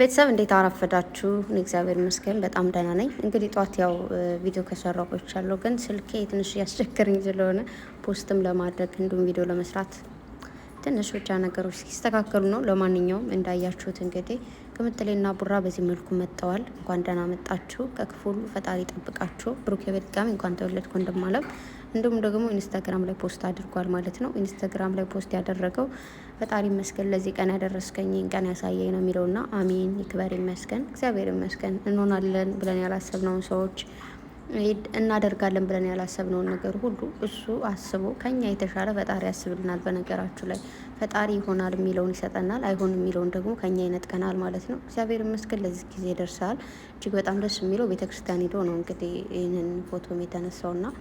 ቤተሰብ እንዴት አረፈዳችሁ? እግዚአብሔር ይመስገን በጣም ደህና ነኝ። እንግዲህ ጠዋት ያው ቪዲዮ ከሰራሁ ቆይቻለሁ፣ ግን ስልኬ ትንሽ እያስቸገረኝ ስለሆነ ፖስትም ለማድረግ እንዲሁም ቪዲዮ ለመስራት ትንሽ ብቻ ነገሮች ሲስተካከሉ ነው። ለማንኛውም እንዳያችሁት እንግዲህ ቅምጥሌና ቡራ በዚህ መልኩ መጥተዋል። እንኳን ደህና መጣችሁ። ከክፉ ሁሉ ፈጣሪ ጠብቃችሁ ብሩክ በድጋሚ እንኳን ተወለድኩ እንደማለም እንዲሁም ደግሞ ኢንስታግራም ላይ ፖስት አድርጓል ማለት ነው። ኢንስታግራም ላይ ፖስት ያደረገው ፈጣሪ ይመስገን ለዚህ ቀን ያደረስከኝ ቀን ያሳየኝ ነው የሚለውና አሜን ይክበር ይመስገን እግዚአብሔር ይመስገን እንሆናለን ብለን ያላሰብነውን ሰዎች እናደርጋለን ብለን ያላሰብነውን ነገር ሁሉ እሱ አስቦ ከኛ የተሻለ ፈጣሪ ያስብልናል። በነገራችሁ ላይ ፈጣሪ ይሆናል የሚለውን ይሰጠናል፣ አይሆን የሚለውን ደግሞ ከኛ ይነጥቀናል ማለት ነው። እግዚአብሔር ይመስገን ለዚህ ጊዜ ደርሰሃል። እጅግ በጣም ደስ የሚለው ቤተክርስቲያን ሄዶ ነው እንግዲህ ይህንን ፎቶም የተነሳው ና።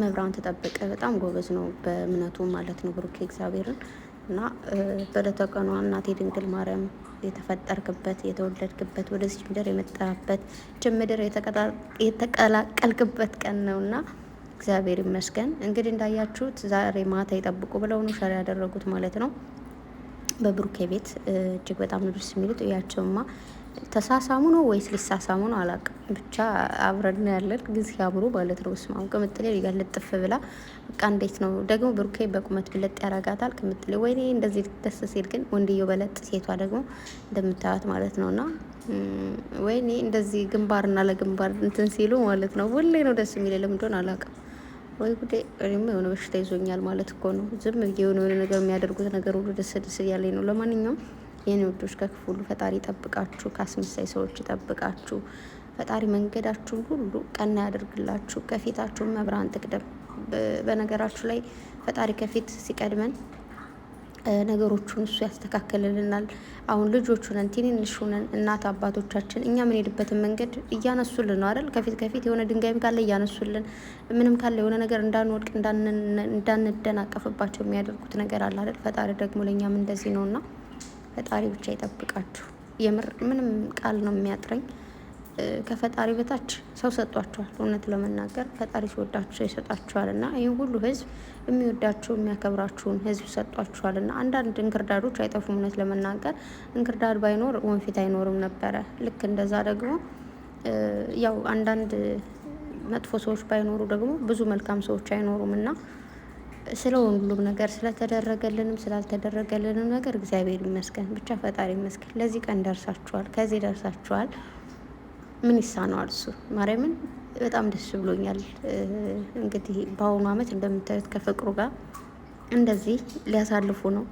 መብራን ተጠበቀ። በጣም ጎበዝ ነው በእምነቱ ማለት ነው ብሩኬ እግዚአብሔርን እና በለተቀኗ እናቴ ድንግል ማርያም የተፈጠርክበት የተወለድክበት ወደዚህ ምድር የመጣበት ጀምድር የተቀላቀልክበት ቀን ነው እና እግዚአብሔር ይመስገን። እንግዲህ እንዳያችሁት ዛሬ ማታ ይጠብቁ ብለው ነው ሸር ያደረጉት ማለት ነው በብሩኬ ቤት እጅግ በጣም ንዱስ የሚሉት እያቸውማ ተሳሳሙ ነው ወይስ ሊሳሳሙ ነው አላውቅም። ብቻ አብረን ያለን ጊዜ አብሮ ማለት ነው። ስማም ቅምጥሌ ጋር ልጥፍ ብላ በቃ እንዴት ነው ደግሞ ብሩኬ በቁመት ብለጥ ያረጋታል ቅምጥሌ። ወይ እንደዚህ ደስ ሲል ግን ወንድዮ በለጥ፣ ሴቷ ደግሞ እንደምታዩት ማለት ነው። እና ወይኔ እንደዚህ ግንባርና ለግንባር እንትን ሲሉ ማለት ነው። ሁሌ ነው ደስ የሚል ለምንደሆን አላውቅም። ወይ ጉዴ! እኔማ የሆነ በሽታ ይዞኛል ማለት እኮ ነው። ዝም የሆነ የሆነ ነገር የሚያደርጉት ነገር ሁሉ ደስ ደስ እያለኝ ነው። ለማንኛውም ይህን ውዶች ከክፉ ሁሉ ፈጣሪ ይጠብቃችሁ፣ ከአስመሳይ ሰዎች ይጠብቃችሁ። ፈጣሪ መንገዳችሁን ሁሉ ቀና ያደርግላችሁ፣ ከፊታችሁን መብርሃን ጥቅደም በነገራችሁ ላይ ፈጣሪ ከፊት ሲቀድመን ነገሮቹን እሱ ያስተካከልልናል። አሁን ልጆች ሁነን ትንንሽ እናት አባቶቻችን እኛ የምንሄድበትን መንገድ እያነሱልን ነው አይደል? ከፊት ከፊት የሆነ ድንጋይም ካለ እያነሱልን፣ ምንም ካለ የሆነ ነገር እንዳንወድቅ እንዳንደናቀፍባቸው የሚያደርጉት ነገር አለ አይደል? ፈጣሪ ደግሞ ለእኛም እንደዚህ ነውና ፈጣሪ ብቻ ይጠብቃችሁ። የምር ምንም ቃል ነው የሚያጥረኝ። ከፈጣሪ በታች ሰው ሰጧችኋል። እውነት ለመናገር ፈጣሪ ሲወዳችሁ ይሰጣችኋል እና ይህ ሁሉ ህዝብ የሚወዳችሁ የሚያከብራችሁን ህዝብ ሰጧችኋል እና አንዳንድ እንክርዳዶች አይጠፉም። እውነት ለመናገር እንክርዳድ ባይኖር ወንፊት አይኖርም ነበረ። ልክ እንደዛ ደግሞ ያው አንዳንድ መጥፎ ሰዎች ባይኖሩ ደግሞ ብዙ መልካም ሰዎች አይኖሩም እና ስለ ሁሉም ነገር ስለተደረገልንም ስላልተደረገልንም ነገር እግዚአብሔር ይመስገን። ብቻ ፈጣሪ ይመስገን። ለዚህ ቀን ደርሳችኋል፣ ከዚህ ደርሳችኋል። ምን ይሳነዋል እሱ? ማርያምን በጣም ደስ ብሎኛል። እንግዲህ በአሁኑ አመት እንደምታዩት ከፍቅሩ ጋር እንደዚህ ሊያሳልፉ ነው።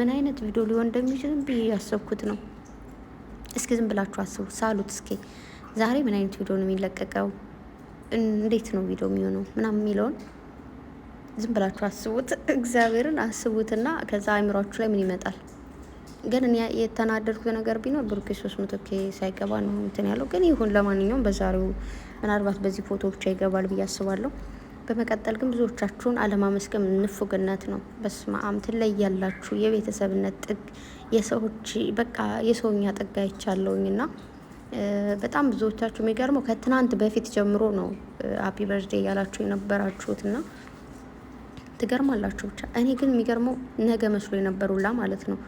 ምን አይነት ቪዲዮ ሊሆን እንደሚችልም ብዬ ያሰብኩት ነው። እስኪ ዝም ብላችሁ አስቡ፣ ሳሉት እስኪ ዛሬ ምን አይነት ቪዲዮ ነው የሚለቀቀው፣ እንዴት ነው ቪዲዮ የሚሆነው ምናምን የሚለውን ዝም ብላችሁ አስቡት፣ እግዚአብሔርን አስቡትና ከዛ አይምሯችሁ ላይ ምን ይመጣል? ግን እኔ የተናደድኩት ነገር ቢኖር ብሩኬ ሶስት መቶ ኬ ሳይገባ ነው እንትን ያለው። ግን ይሁን ለማንኛውም በዛሬው ምናልባት በዚህ ፎቶ ብቻ ይገባል ብዬ አስባለሁ። በመቀጠል ግን ብዙዎቻችሁን አለማመስገን ንፉግነት ነው። በስማም ትለያላችሁ። የቤተሰብነት ጥግ የሰዎች በቃ የሰውኛ ጥግ አይቻለውኝ ና በጣም ብዙዎቻችሁ የሚገርመው ከትናንት በፊት ጀምሮ ነው ሀፒ በርዝዴ እያላችሁ የነበራችሁት እና ትገርማላችሁ። ብቻ እኔ ግን የሚገርመው ነገ መስሎ የነበሩላ ማለት ነው።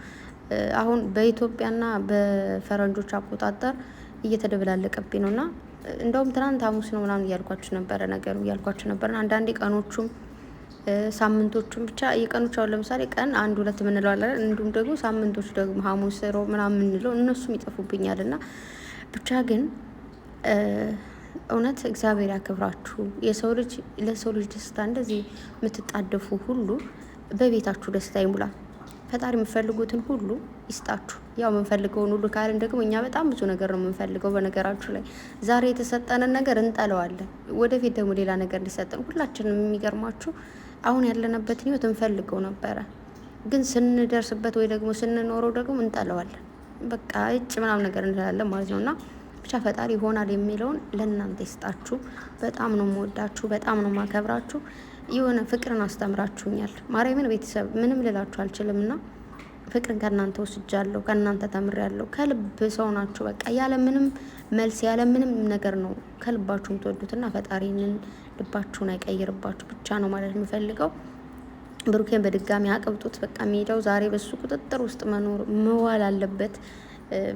አሁን በኢትዮጵያና በፈረንጆች አቆጣጠር እየተደበላለቀብኝ ነው እና እንደውም ትናንት ሐሙስ ነው ምናምን እያልኳችሁ ነበረ ነገሩ እያልኳችሁ ነበርና አንዳንዴ ቀኖቹም ሳምንቶቹም ብቻ የቀኖች አሁን ለምሳሌ ቀን አንድ ሁለት የምንለው እንዲሁም ደግሞ ሳምንቶች ደግሞ ሐሙስ፣ ሮ ምናምን ምንለው እነሱም ይጠፉብኛል እና ብቻ ግን እውነት እግዚአብሔር ያክብራችሁ። የሰው ልጅ ለሰው ልጅ ደስታ እንደዚህ የምትጣደፉ ሁሉ በቤታችሁ ደስታ ይሙላ። ፈጣሪ የምፈልጉትን ሁሉ ይስጣችሁ። ያው የምንፈልገውን ሁሉ ካልን ደግሞ እኛ በጣም ብዙ ነገር ነው የምንፈልገው። በነገራችሁ ላይ ዛሬ የተሰጠንን ነገር እንጠለዋለን። ወደፊት ደግሞ ሌላ ነገር እንዲሰጠን ሁላችንም የሚገርማችሁ አሁን ያለንበትን ህይወት እንፈልገው ነበረ፣ ግን ስንደርስበት ወይ ደግሞ ስንኖረው ደግሞ እንጠለዋለን። በቃ እጭ ምናምን ነገር እንላለን ማለት ነው እና ብቻ ፈጣሪ ይሆናል የሚለውን ለእናንተ ይስጣችሁ። በጣም ነው የምወዳችሁ፣ በጣም ነው ማከብራችሁ። የሆነ ፍቅርን አስተምራችሁኛል። ማርያምን ቤተሰብ ምንም ልላችሁ አልችልም እና ፍቅርን ከእናንተ ወስጃለሁ፣ ከእናንተ ተምሬያለሁ። ከልብ ሰው ናችሁ። በቃ ያለ ምንም መልስ ያለ ምንም ነገር ነው ከልባችሁ የምትወዱትና ፈጣሪንን ልባችሁን አይቀይርባችሁ ብቻ ነው ማለት የምፈልገው። ብሩኬን በድጋሚ አቅብጡት። በቃ ሜዳው ዛሬ በሱ ቁጥጥር ውስጥ መኖር መዋል አለበት።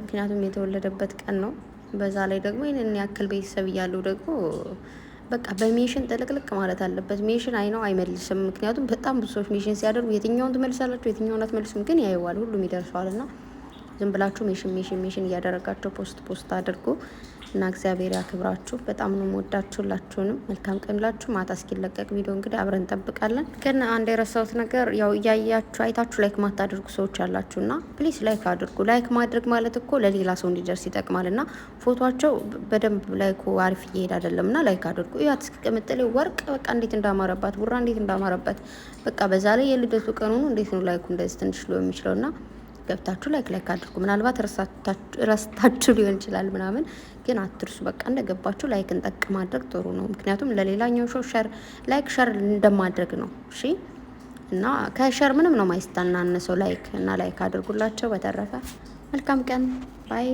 ምክንያቱም የተወለደበት ቀን ነው። በዛ ላይ ደግሞ ይህንን ያክል ቤተሰብ እያለው ደግሞ በቃ በሜሽን ጥልቅልቅ ማለት አለበት። ሜሽን አይ ነው አይመልስም። ምክንያቱም በጣም ብዙ ሰዎች ሜሽን ሲያደርጉ የትኛውን ትመልሳላቸው የትኛውን አትመልሱም፣ ግን ያየዋል፣ ሁሉም ይደርሰዋል። እና ዝም ብላችሁ ሜሽን ሜሽን ሜሽን እያደረጋቸው ፖስት ፖስት አድርጎ እና እግዚአብሔር ያክብራችሁ። በጣም ነው የምወዳችሁላችሁንም መልካም ቀንላችሁ። ማታ እስኪለቀቅ ቪዲዮ እንግዲህ አብረን እንጠብቃለን። ግን አንድ የረሳሁት ነገር ያው እያያችሁ አይታችሁ ላይክ ማታደርጉ ሰዎች አላችሁና ፕሊስ ላይክ አድርጉ። ላይክ ማድረግ ማለት እኮ ለሌላ ሰው እንዲደርስ ይጠቅማል። እና ፎቶቸው በደንብ ላይኩ አሪፍ እየሄድ አይደለም እና ላይክ አድርጉ። ያት ቅምጥሌ ወርቅ በቃ እንዴት እንዳማረባት ቡራ እንዴት እንዳማረባት በቃ በዛ ላይ የልደቱ ቀን ሆኑ እንዴት ነው ላይኩ እንደዚህ ትንሽ ሊሆን የሚችለው እና ገብታችሁ ላይክ ላይክ አድርጉ። ምናልባት ረስታችሁ ሊሆን ይችላል ምናምን፣ ግን አትርሱ። በቃ እንደገባችሁ ላይክን ጠቅ ማድረግ ጥሩ ነው። ምክንያቱም ለሌላኛው ሾ ሸር ላይክ ሸር እንደማድረግ ነው። እሺ። እና ከሸር ምንም ነው ማይስታናነሰው ላይክ እና ላይክ አድርጉላቸው። በተረፈ መልካም ቀን ባይ